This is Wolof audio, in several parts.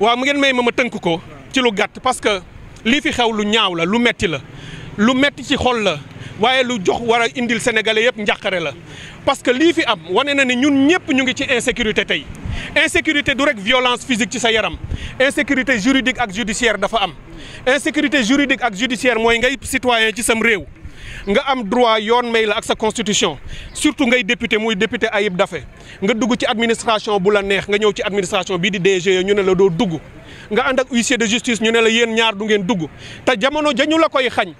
waa mu ngeen may ma ma tënk ko ci lu gàtt parce que lii fi xew lu ñaaw la lu metti la lu metti ci xool la waaye lu jox war a indil sénégalais yëpp njàqare la parce que lii fi am wane na ni ñun ñëpp ñu ngi ci insécurité tey insécurité du rek violence physique ci sa yaram insécurité juridique ak judiciaire dafa am insécurité juridique ak judiciaire mooy ngay citoyen ci sam réew nga am droit yoon may la ak sa constitution surtout ngay député muy député Ayib dafe nga dugg ci administration bu la neex nga ñëw ci administration bii di DG ñu ne la doo dugg nga ànd ak huissier de justice ñu ne la yéen ñaar du ngeen dugg te jamono ja la koy xañ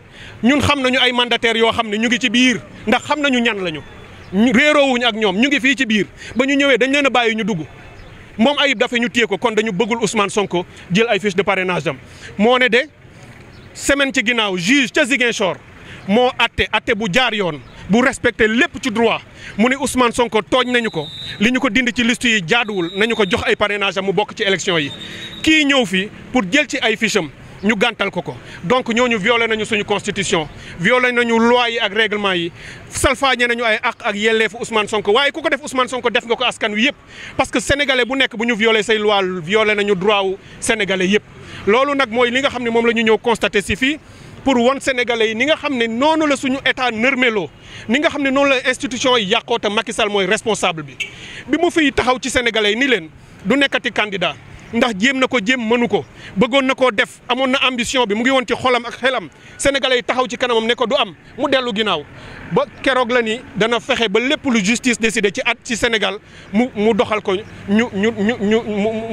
ñun xam nañu ay mandataires yoo xam ne ñu ngi ci biir ndax xam nañu ñan lañu réeroowuñu ak ñoom ñu ngi fii ci biir ba ñu ñëwee dañ leen a bàyyi ñu dugg moom Ayib Daffé ñu téye ko kon dañu bëggul Ousmane Sonko jël ay fiche de parrainage moo ne de semaine ci ginnaaw juge ca Ziguinchor moo atte atte bu jaar yoon bu respecté lépp ci droit mu ni Ousmane Sonko tooñ nañu ko li ñu ko dind ci liste yi jaaduwul nañu ko jox ay parrainage mu bokk ci élection yi kii ñëw fi pour jël ci ay fiche ñu gàntal ko ko donc ñooñu violé nañu suñu constitution violé nañu loi yi ak règlement yi salfaañe nañu ay àq ak yelleefu Ousmane Sonko waaye ku ko def son Sonko def nga ko askan wi yëpp parce que sénégalais bu nekk bu ñu violé say loi violé nañu droit wu sénégalais yëpp loolu nag mooy li nga xam ne moom la ñu ñëw constaté si fii pour wan sénégalais yi ni nga xam ne noonu la suñu état nërmeloo ni nga xam ne noonu la institution yi yàqoo te Macky mooy responsable bi bi mu fiy taxaw ci sénégalais yi ni leen du nekkati candidat ndax jéem na ko jéem mënu ko bëggoon na koo def amoon na ambition bi mu ngi woon ci xolam ak xelam sénégalais yi taxaw ci kanamam ne ko du am mu dellu ginnaaw ba keroog la nii dana fexe ba lépp lu justice décidé ci at ci Sénégal mu mu doxal ko ñu ñu ñu ñu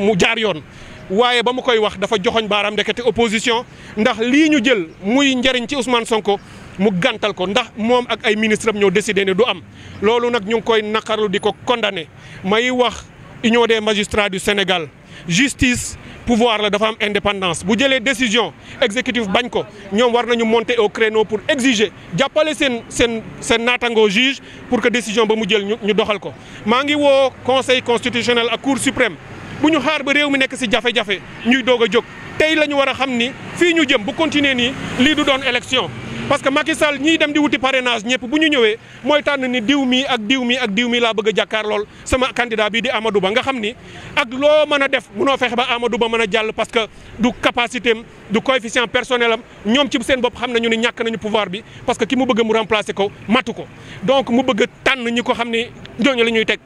mu jaar yoon. waaye ba mu koy wax dafa joxoñ baaraam ndekete opposition ndax lii ñu jël muy njëriñ ci Ousmane Sonko mu gantal ko ndax moom ak ay ministre am ñoo décidé ne du am loolu nag ñu ngi koy naqarlu di ko condamné may wax Union des magistrats du Sénégal justice pouvoir la dafa am indépendance bu jëlee décision exécutif bañ ko ñoom war nañu monter au pour exiger jàppale seen seen seen naataango juge pour que décision ba mu jël ñu doxal ko maa ngi woo conseil constitutionnel ak cour suprême bu ñu xaar ba réew mi nekk si jafe-jafe ñuy doog a jóg tey la ñu war a xam ni fii ñu jëm bu continuer nii lii du doon élection parce que Macky Sall dem di wuti parrainage ñëpp bu ñu ñëwee mooy tànn ni diw mi ak diw mi ak diw mi laa bëgg a jàkkaar lool sama candidat bii di Amadou Ba nga xam ni ak loo mën a def munoo fexe ba Amadou Ba mën a jàll parce que du capacité du coefficient personnel am ñoom ci seen bopp xam nañu ne ñàkk nañu pouvoir bi parce que ki mu bëgg mu remplacer ko matu ko donc mu bëgg a tànn ñi ko xam ni ñooñu la ñuy teg.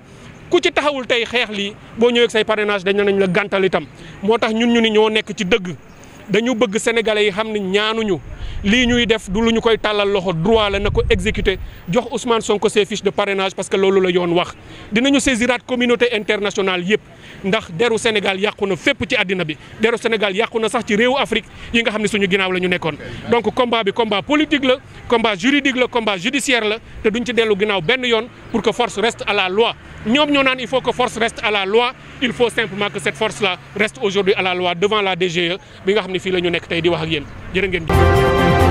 ku ci taxawul tey xeex lii boo ñëwee say parrainage dañ nañ la gàntal itam moo tax ñun ñu ni ñoo nekk ci dëgg dañu bëgg sénégalais yi xam ne ñaanuñu lii ñuy def du lu ñu koy tàllal loxo droit la na ko exécuter jox Ousmane Sonko ses fiches de parrainage parce que loolu la yoon wax dinañu saisiraat communauté internationale yëpp ndax deru Sénégal yàqu na fépp ci àddina bi deru Sénégal yàqu na sax ci réewu Afrique yi nga xam ne suñu ginnaaw la ñu nekkoon donc combat bi combat politique la combat la te duñ ci dellu ginnaaw benn yoon pour que force reste à la loi ñoom ñoo naan il faut que force reste à la loi il faut simplement que cette force là reste aujourd'hui à la loi devant la DGE bi nga xam ne fii la ñu nekk tey di wax ak yéen jërë ngeen